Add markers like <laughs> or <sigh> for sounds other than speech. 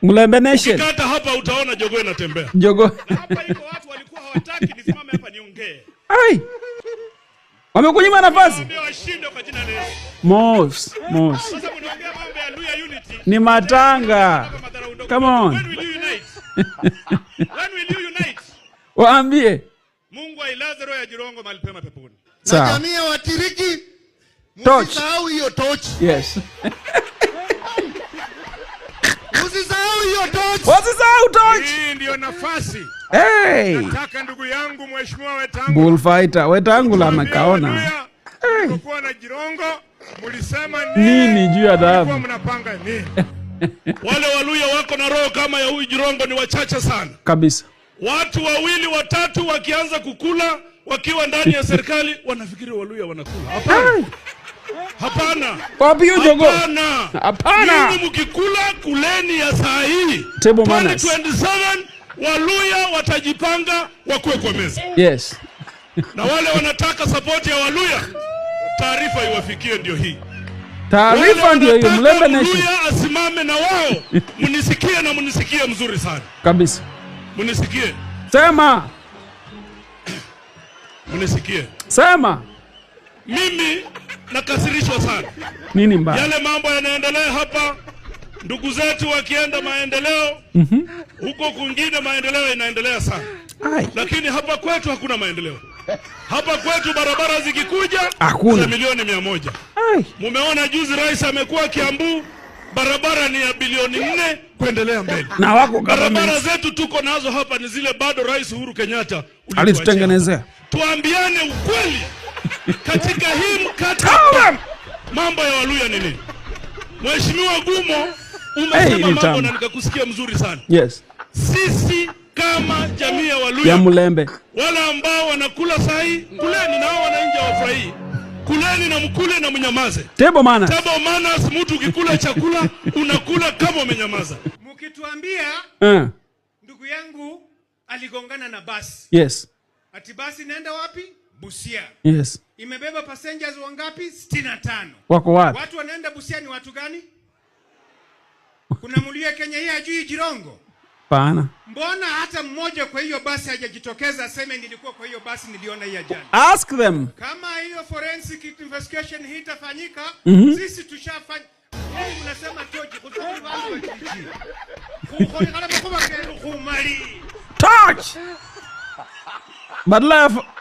Muluya. Nation. Ukikata hapa utaona jogo inatembea. Jogo. Hapa iko watu walikuwa hawataki nisimame hapa niongee. Ai. Wamekunyima nafasi. Mos, mos. Ni matanga. Come on. When will you unite? When will you unite? Waambie. Mungu ailaze roho ya Jirongo mahali pema peponi. Na Jamii ya Watiriki. Msisahau hiyo torch. Yes. Wasisahau tochi. Hii ndio nafasi. Hey. Nataka ndugu yangu mheshimiwa Wetangula. Bullfighter Wetangula amekaona. Hey. Kwa na Jirongo mlisema nini juu ya dhahabu? Kwa mnapanga nini? <laughs> Wale Waluya wako na roho kama ya huyu Jirongo ni wachache sana. Kabisa. Watu wawili watatu wakianza kukula wakiwa ndani ya <laughs> serikali wanafikiri Waluya wanakula. Hapana. Hapana. Wapi hiyo jogo? Hapana. Hapana. Ninyi mkikula kuleni ya saa hii. Table manners. 27 Waluya watajipanga wakuwe kwa meza. Yes. Na wale wanataka support ya Waluya taarifa iwafikie ndio hii. Taarifa ndio hiyo Mlembe Nation. Waluya asimame na wao. <laughs> Munisikie na munisikie mzuri sana. Kabisa. Munisikie. Sema. Munisikie. Sema. Mimi nakasirishwa sana. Nini mbaya? Yale mambo yanaendelea hapa, ndugu zetu wakienda maendeleo mm -hmm. huko kwingine maendeleo inaendelea sana Ay. Lakini hapa kwetu hakuna maendeleo. Hapa kwetu barabara zikikuja hakuna milioni mia moja. Mumeona juzi rais amekuwa Kiambu, barabara ni ya bilioni nne kuendelea mbele na wako barabara zetu tuko nazo hapa ni zile bado Rais Uhuru Kenyatta alitutengenezea. Tuambiane ukweli katika hii mkataba mambo ya Waluya ni nini? Mheshimiwa Gumo umesema mambo na nikakusikia mzuri sana yes. Sisi kama jamii ya Waluya ya Mlembe, wale ambao wanakula sahi, kuleni na nao wananja wafurahii kuleni na mkule na mnyamaze. Tebo maana tebo maana, mtu ukikula chakula unakula kama umenyamaza. Mkituambia uh, ndugu yangu aligongana na basi yes, ati basi naenda wapi? Busia. Yes. Imebeba passengers wangapi? 65. Wako wapi? Watu wanaenda Busia ni watu gani? Kuna mulia Kenya hii ajui Jirongo. Pana. Mbona hata mmoja kwa hiyo basi hajajitokeza aseme nilikuwa kwa hiyo basi niliona hii ajali? Ask them. Kama hiyo forensic investigation hii itafanyika, mm -hmm. Sisi tushafanya. Hey, unasema toji, kutoka wapi? Kuko ni kama kwa kwa kumali. Touch. Badala